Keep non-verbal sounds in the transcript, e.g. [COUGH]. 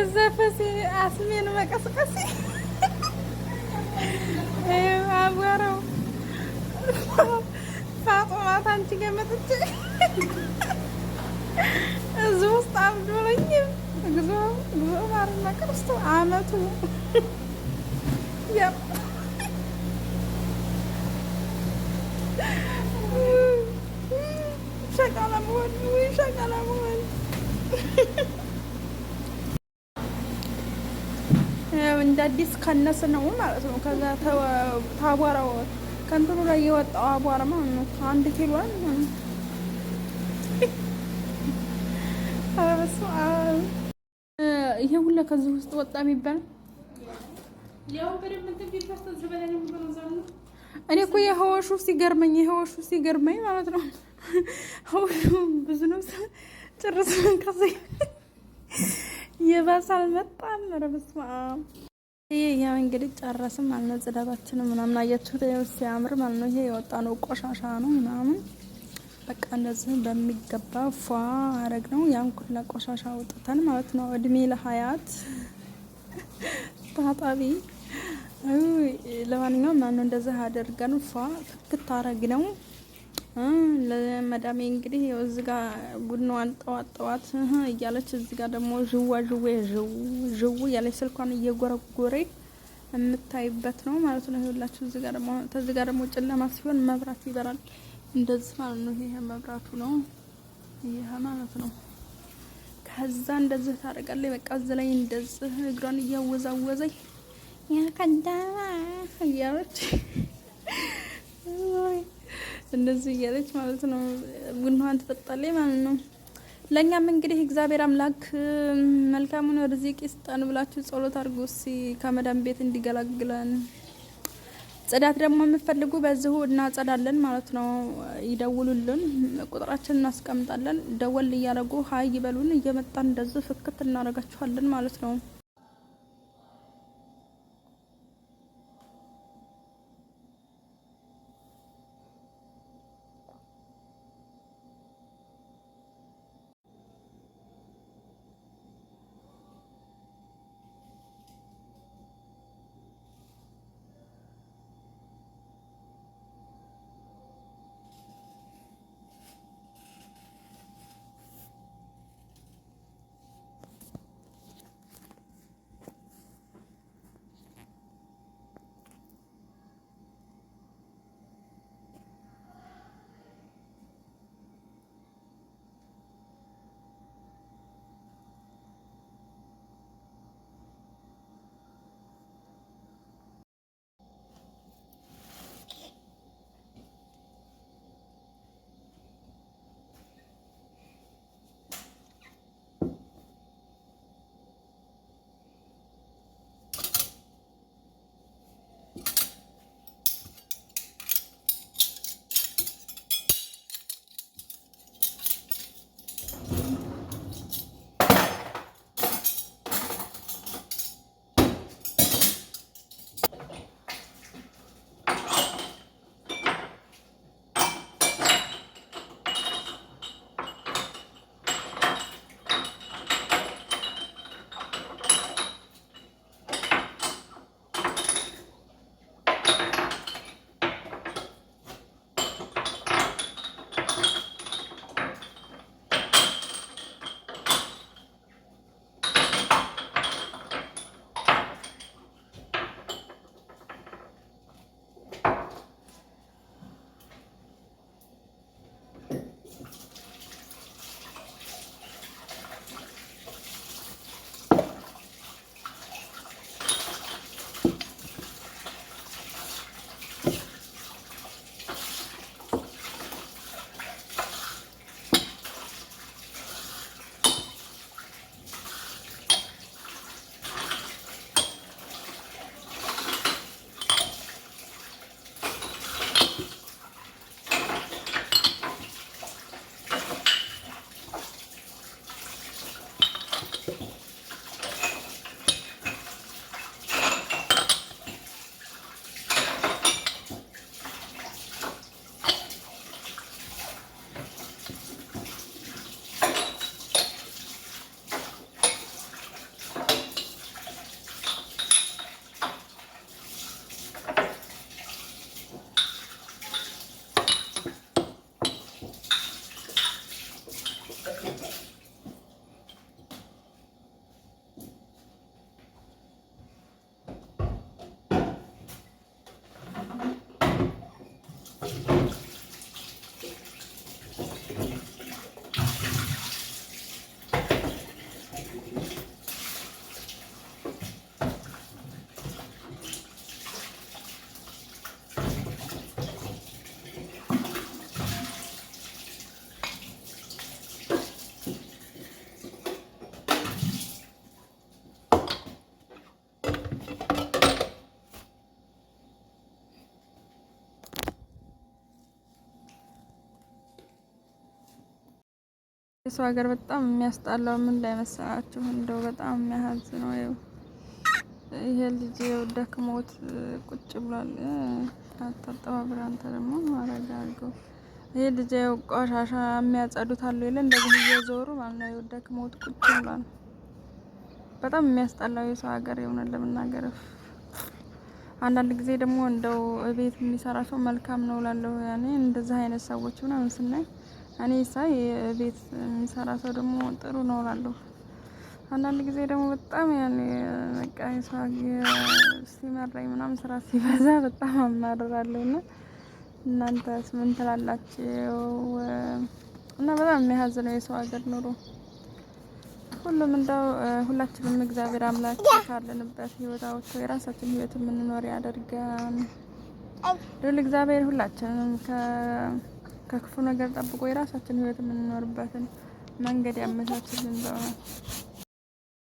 የዘፈሴ አስሜን መቀስቀሴ አቧራው ፋጡማ አንቺ ጋር እዚህ ውስጥ አብዶለኝም እግዚኦ እግዚኦ ማርና ክርስቶ አመቱ እንደ አዲስ ከነስ ነው ማለት ነው። ከዛ ታቧራው ከእንትኑ ላይ የወጣው አቧራ ማለት ነው። አንድ ኪሎ [LAUGHS] ይሄ ሁላ ከዚህ ውስጥ ወጣ የሚባል እኔ እኮ የህወሹ ሲገርመኝ የህወሹ ሲገርመኝ ማለት ነው። ህወሹ [LAUGHS] ብዙ ነው ጭርስ ከዚ [LAUGHS] የባሰ አልመጣም። ኧረ በስመ አብ ይህ ያው እንግዲህ ጨረስም ማለት ነው። ጽዳታችንም ምናምን አያችሁት ሲያምር ማለት ነው። ይሄ የወጣ ነው ቆሻሻ ነው ምናምን በቃ እንደዚህ በሚገባ ፏ አረግ ነው። ያን ኩላ ቆሻሻ አውጥተን ማለት ነው። እድሜ ለሀያት [LAUGHS] ታጣቢ። ለማንኛውም ማነው እንደዚህ አድርገን ፏ ትክት አረግ ነው። ለመዳሜ እንግዲህ እዚህ ጋር ቡድኗን ጠዋት ጠዋት እያለች እዚህ ጋር ደግሞ ዥዋ ዥዌ ዥው እያለች ስልኳን እየጎረጎሬ የምታይበት ነው ማለት ነው። ይኸውላችሁ እዚህ ጋር ደግሞ ተዚህ ጋር ደግሞ ጨለማ ሲሆን መብራት ይበራል እንደዚህ ማለት ነው። ይሄ መብራቱ ነው ይህ ማለት ነው። ከዛ እንደዚህ ታደርጋለች። በቃ እዚህ ላይ እንደዚህ እግሯን እያወዛወዘኝ ያከዳ እያለች እንደዚህ እያለች ማለት ነው ቡናዋን ትጠጣለች ማለት ነው። ለእኛም እንግዲህ እግዚአብሔር አምላክ መልካሙን ርዚቅ ይስጠን ብላችሁ ጸሎት አድርጉ። እስኪ ከመዳን ቤት እንዲገላግለን። ጽዳት ደግሞ የምፈልጉ በዚሁ እናጸዳለን ማለት ነው። ይደውሉልን፣ ቁጥራችን እናስቀምጣለን። ደወል እያደረጉ ሀይ ይበሉን፣ እየመጣን እንደዚህ ፍክት እናደርጋችኋለን ማለት ነው። Thank you. የሰው ሀገር በጣም የሚያስጣላው ምን ላይ መሰላችሁ? እንደው በጣም ነው። ይሄ ልጅ ደክሞት ቁጭ ብሏል። አታጠባብር አንተ ደግሞ ማረግ አድርገው። ይሄ ልጅ ቆሻሻ የሚያጸዱት አሉ የለ እንደዚህ እየዞሩ ማለት ነው። ደክሞት ቁጭ ብሏል። በጣም የሚያስጠላው የሰው ሀገር የሆነ ለመናገር አንዳንድ ጊዜ ደግሞ እንደው ቤት የሚሰራ ሰው መልካም ነው ላለው ያኔ እንደዚህ አይነት ሰዎች ምናምን ስናይ እኔ ሳ የቤት የሚሰራ ሰው ደግሞ ጥሩ እኖራለሁ። አንዳንድ ጊዜ ደግሞ በጣም ያኔ በቃ ሲመራኝ ምናምን ስራ ሲበዛ በጣም አማርራለሁ። እና እናንተስ ምን ትላላችሁ? እና በጣም የሚያዝነው የሰው ሀገር ኑሮ ሁሉም እንደው ሁላችንም እግዚአብሔር አምላክ ካለንበት ህይወት አውጥቶ የራሳችን ህይወት የምንኖር ያደርገን። ልዑል እግዚአብሔር ሁላችንም ከክፉ ነገር ጠብቆ የራሳችን ህይወት የምንኖርበትን መንገድ ያመቻችልን በእውነት